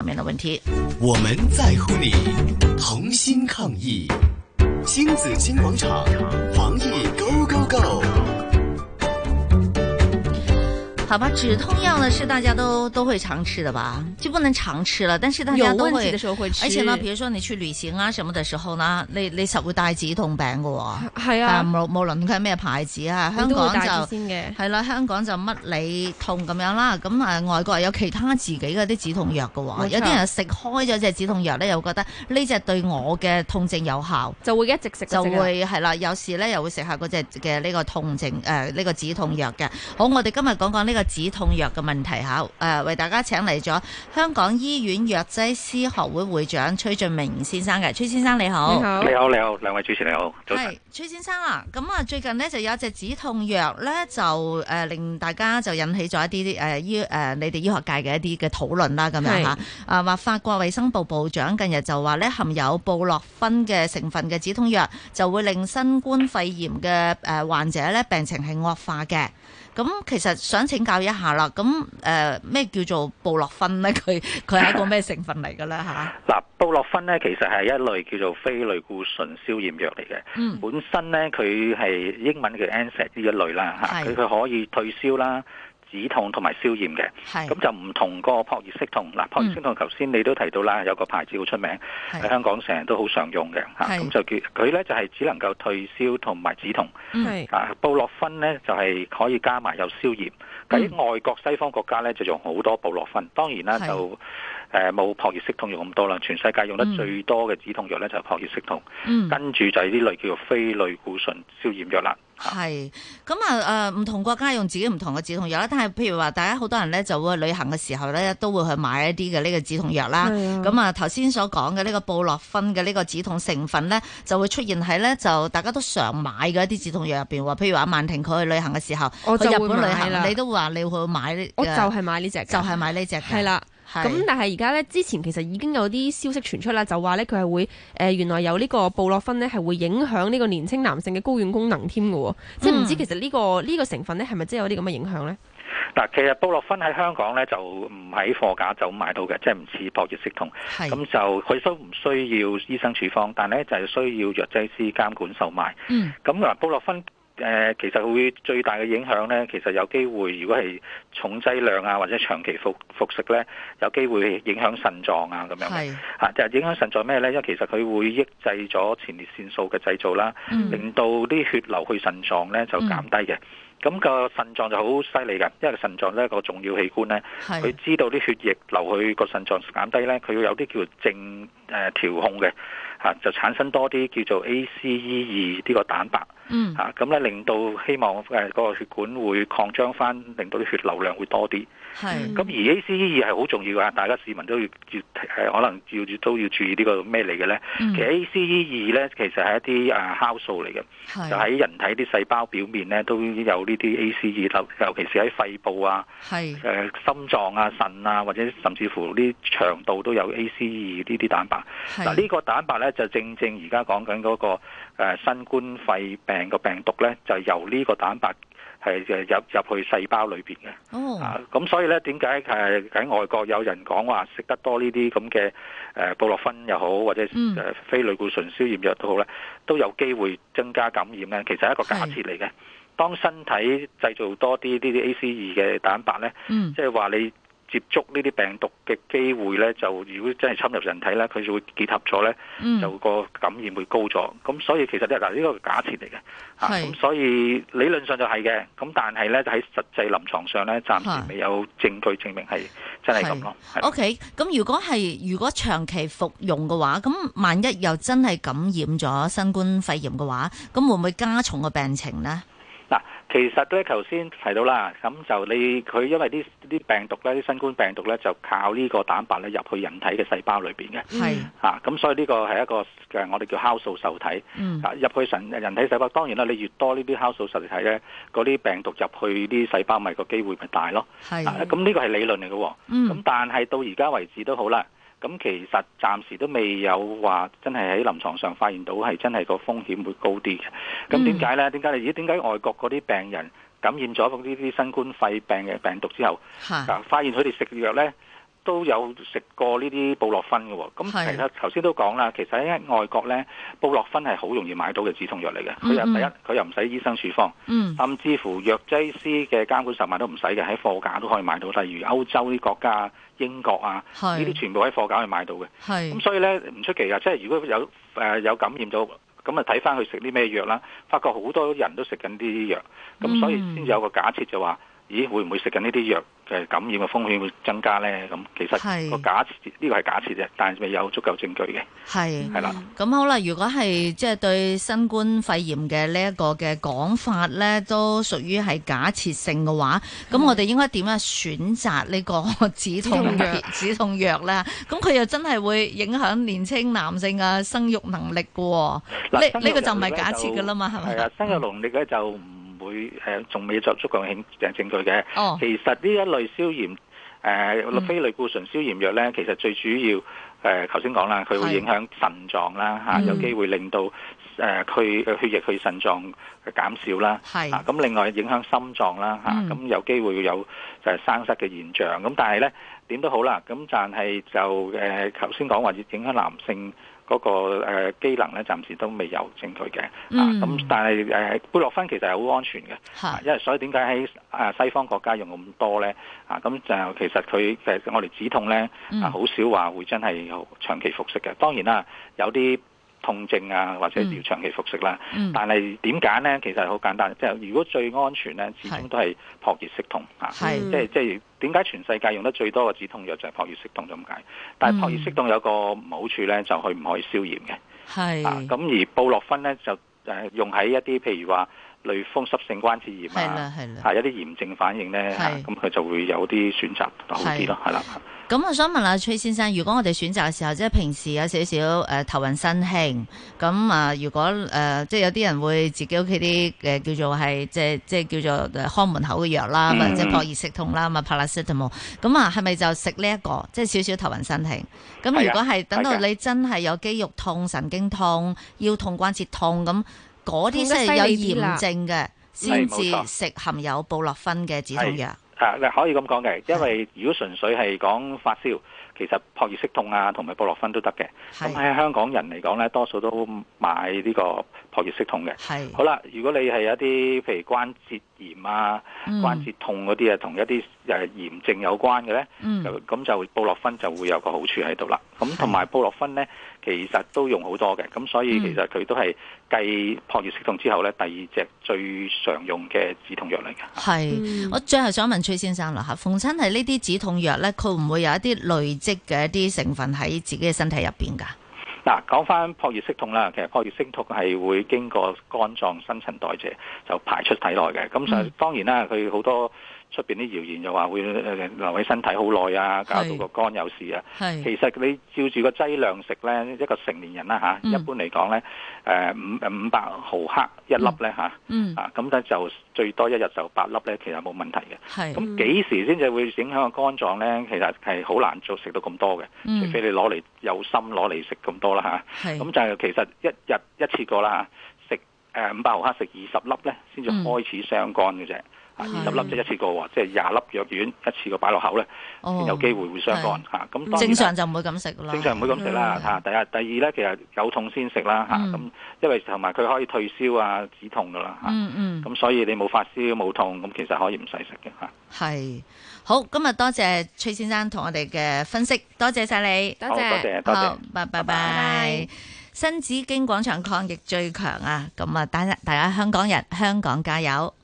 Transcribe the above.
方面的問題，我們在乎你，同心抗疫，新子金廣場，防疫 go go go。好吧，止痛藥呢是大家都都會常吃的吧，就不能常吃了。但是大家都會，而且呢，譬如說你去旅行啊什麼的時候呢，你你實會帶止痛餅嘅喎。係啊，無無論佢係咩牌子啊，香港就係啦，香港就必理痛咁樣啦。咁啊，外國有其他自己嗰啲止痛藥嘅喎，有啲人食開咗隻止痛藥咧，又覺得呢隻對我嘅痛症有效，就會一直食就會係啦。有時咧又會食下嗰隻嘅呢個痛症誒呢個止痛藥嘅。好，我哋今日講講呢個。止痛藥嘅問題吓，誒、呃、為大家請嚟咗香港醫院藥劑師學會會長崔俊明先生嘅，崔先生你好，你，好你好，你好，你好，你好，兩位主持人你好，係崔先生啊，咁、嗯、啊最近呢，就有一隻止痛藥咧就誒、呃、令大家就引起咗一啲啲誒醫誒、呃、你哋醫學界嘅一啲嘅討論啦，咁樣吓啊話是、啊、法國衛生部部長近日就話咧含有布洛芬嘅成分嘅止痛藥就會令新冠肺炎嘅誒患者咧病情係惡化嘅。咁、嗯、其實想請。教一下啦，咁誒咩叫做布洛芬咧？佢佢係一個咩成分嚟噶咧吓嗱， 布洛芬咧其實係一類叫做非類固醇消炎藥嚟嘅，嗯、本身咧佢係英文叫 NSAID 呢一類啦吓，佢佢是可以退燒啦。止痛同埋消炎嘅，咁是就唔同個撲熱息痛。嗱、嗯，撲熱息痛頭先你都提到啦，有個牌子好出名喺是香港，成日都好常用嘅嚇。咁是、啊、就佢佢呢就係只能夠退燒同埋止痛。是啊，布洛芬呢，就係、是、可以加埋有消炎。喺、嗯、外國西方國家呢，就用好多布洛芬，當然啦是就。誒，冇撲熱息痛用咁多啦，全世界用得最多嘅止痛藥咧，就係撲熱息痛，跟住、嗯、就係呢類叫做非類固醇消炎藥啦。係咁啊，誒、唔、呃、同國家用自己唔同嘅止痛藥啦。但係譬如話，大家好多人咧就會去旅行嘅時候咧都會去買一啲嘅呢個止痛藥啦。咁是啊，頭先所講嘅呢個布洛芬嘅呢個止痛成分咧就會出現喺咧就大家都常買嘅一啲止痛藥入邊。話譬如話，曼婷佢去旅行嘅時候去日本旅行，你都會話你會買？我就係買呢隻，就係買呢隻係啦。咁但係而家咧，之前其實已經有啲消息傳出啦，就話咧佢係會誒、呃、原來有呢個布洛芬咧係會影響呢個年輕男性嘅睪丸功能添嘅喎，即係唔知其實呢、呢個呢、呢個成分咧係咪真係有啲咁嘅影響咧？嗱，其實布洛芬喺香港咧就唔喺貨架就買到嘅，即係唔似撲熱息痛。咁是就佢都唔需要醫生處方，但係咧就係、是、需要藥劑師監管售賣。咁嗱、嗯，布洛芬。誒，其實會最大嘅影響咧，其實有機會如果係重劑量啊，或者長期服服食咧，有機會影響腎臟啊咁樣。係嚇就影響腎臟咩咧？因為其實佢會抑制咗前列腺素嘅製造啦，嗯、令到啲血流去腎臟咧就減低嘅。咁、嗯、個腎臟就好犀利㗎，因為腎臟咧個重要器官咧，佢是知道啲血液流去個腎臟減低咧，佢會有啲叫正誒、呃、調控嘅嚇，就產生多啲叫做 ACE 二呢個蛋白。嗯，嚇咁咧令到希望誒嗰個血管會擴張翻，令到啲血流量會多啲。係是，咁而 ACE 二係好重要㗎，大家市民都要要係可能要都要注意個呢個咩嚟嘅咧？其實 ACE 二咧，其實係一啲誒酵素嚟嘅，是就喺人體啲細胞表面咧都有呢啲 ACE 二，尤其是喺肺部啊，誒是、啊、心臟啊、腎啊，或者甚至乎啲腸道都有 ACE 二呢啲蛋白。嗱呢是、啊這個蛋白咧就正正而家講緊嗰個新冠肺病，病毒咧就是，由呢個蛋白係入，入入去細胞裏邊嘅，oh. 啊，咁所以咧點解誒喺外國有人講話食得多呢啲咁嘅誒布洛芬又好，或者誒、mm. 非類固醇消炎藥都好咧，都有機會增加感染咧？其實係一個假設嚟嘅，是當身體製造多啲呢啲 A C 二嘅蛋白咧，即係話你。接觸呢啲病毒嘅機會咧，就如果真係侵入人體咧，佢就會結合咗咧，就個感染會高咗。咁所以其實咧，嗱呢個假設嚟嘅嚇，咁所以理論上就係嘅。咁但係咧，就喺實際臨床上咧，暫時未有證據證明係真係咁咯。OK，咁如果係如果長期服用嘅話，咁萬一又真係感染咗新冠肺炎嘅話，咁會唔會加重個病情咧？嗱，其實咧，頭先提到啦，咁就你佢因為啲啲病毒咧，啲新冠病毒咧就靠呢個蛋白咧入去人體嘅細胞裏邊嘅，係嚇是，咁、啊、所以呢個係一個誒我哋叫酵素受體，嗯，入去神人體細胞，當然啦，你越多呢啲酵素受體咧，嗰啲病毒入去啲細胞咪個機會咪大咯，係是，咁呢、啊、個係理論嚟嘅喎，咁、嗯啊、但係到而家為止都好啦。咁其實暫時都未有話真係喺臨床上發現到係真係個風險會高啲嘅。咁點解呢？點解？你？果點解外國嗰啲病人感染咗呢啲新冠肺病嘅病毒之後，啊，發現佢哋食藥呢？都有食過呢啲布洛芬嘅、哦，咁其實頭先都講啦，其實喺外國咧，布洛芬係好容易買到嘅止痛藥嚟嘅，佢、嗯、又第一佢又唔使醫生處方，嗯、甚至乎藥劑師嘅監管售賣都唔使嘅，喺貨架都可以買到，例如歐洲啲國家、英國啊，呢啲是全部喺貨架可以買到嘅，咁是、嗯、所以咧唔出奇啊，即係如果有誒、呃、有感染咗，咁啊睇翻佢食啲咩藥啦，發覺好多人都食緊啲藥，咁所以先至有個假設就話。嗯咦，會唔會食緊呢啲藥，就係感染嘅風險會增加咧？咁其實個假設呢是個係假設啫，但係未有足夠證據嘅。係係啦，咁了好啦，如果係即係對新冠肺炎嘅呢一個嘅講法咧，都屬於係假設性嘅話，咁、嗯、我哋應該點樣選擇呢個止痛藥？止痛藥咧，咁佢 又真係會影響年青男性嘅生育能力嘅喎、哦？嗱，呢呢個就唔係假設嘅啦嘛，係咪？係啊，生育能力咧就唔。嗯嗯佢誒仲未作足夠嘅證據嘅，oh. 其實呢一類消炎誒、呃 mm. 非類固醇消炎藥咧，其實最主要誒頭先講啦，佢、呃、會影響腎臟啦嚇、mm. 啊，有機會令到誒佢嘅血液去腎臟減少啦，咁、啊 mm. 啊、另外影響心臟啦嚇，咁、啊啊嗯嗯、有機會有就係生塞嘅現象，咁但係咧點都好啦，咁但係就誒頭先講話要影響男性。嗰個誒機能咧，暫時都未有證據嘅。嗯、啊，咁但係誒布洛芬其實係好安全嘅的、啊，因為所以點解喺誒西方國家用咁多咧？啊，咁就其實佢誒我哋止痛咧，好、嗯啊、少話會真係有長期服食嘅。當然啦，有啲。痛症啊，或者要長期服食啦。嗯嗯、但係點解咧？其實好簡單，即、就、係、是、如果最安全咧，始終都係撲熱息痛是啊。係即係即係點解全世界用得最多嘅止痛藥就係撲熱息痛咁解？但係撲熱息痛有個唔好處咧，就佢、是、唔可以消炎嘅。係是啊，咁而布洛芬咧就誒用喺一啲譬如話，類風濕性關節炎啊，係啦係啦，啊一啲炎症反應咧，咁佢的、啊、就會有啲選擇好啲咯，係啦的。咁的我想問下崔先生，如果我哋選擇嘅時候，即係平時有少少誒頭暈身興，咁啊，如果誒、呃、即係有啲人會自己屋企啲誒叫做係即係即係叫做，叫做，叫做，叫做看門口嘅藥啦、嗯，或者撲熱息痛啦，咁啊 paracetamol 咁啊，係咪就食呢一個？即係少少頭暈身興。咁如果係等到你真係有肌肉痛、神經痛、腰痛、關節痛咁。嗰啲即係有炎症嘅，先至食含有布洛芬嘅止痛藥。係，你可以咁講嘅，因為如果純粹係講發燒，是其實撲熱息痛啊，同埋布洛芬都得嘅。咁喺是香港人嚟講咧，多數都買呢個撲熱息痛嘅。係是，好啦，如果你係一啲譬如關節炎啊、關節痛嗰啲啊，同、嗯、一啲。就係炎症有關嘅咧、嗯，就咁就布洛芬就會有個好處喺度啦。咁同埋布洛芬咧，其實都用好多嘅，咁所以其實佢都係繼撲熱息痛之後咧，第二隻最常用嘅止痛藥嚟嘅。係是，嗯、我最後想問崔先生啦嚇，逢親係呢啲止痛藥咧，佢唔會有一啲累積嘅一啲成分喺自己嘅身體入邊噶？嗱、啊，講翻撲熱息痛啦，其實撲熱息痛係會經過肝臟新陳代謝就排出體內嘅。咁所當然啦，佢好、嗯、多。出邊啲謠言又話會留喺身體好耐啊，搞到個肝有事啊。是其實你照住個劑量食咧，一個成年人啦、啊、嚇，嗯、一般嚟講咧，誒五五百毫克一粒咧嚇，嗯、啊咁咧就最多一日就八粒咧，其實冇問題嘅。咁幾是時先至會影響個肝臟咧？其實係好難做食到咁多嘅，嗯、除非你攞嚟有心攞嚟食咁多啦嚇。咁、啊、是就其實一日一次過啦，食誒五百毫克食二十粒咧，先至開始傷肝嘅啫。嗯二十粒即一次過喎，即係廿粒藥丸一次過擺落口咧，先有機會會傷肝嚇。咁正常就唔會咁食啦。正常唔會咁食啦嚇。第一、第二咧，其實有痛先食啦嚇。咁因為同埋佢可以退燒啊、止痛㗎啦嚇。咁所以你冇發燒冇痛，咁其實可以唔使食嘅嚇。係好，今日多謝崔先生同我哋嘅分析，多謝晒你，多謝多謝，好拜拜拜拜。新紫荊廣場抗疫最強啊！咁啊，大大家香港人，香港加油！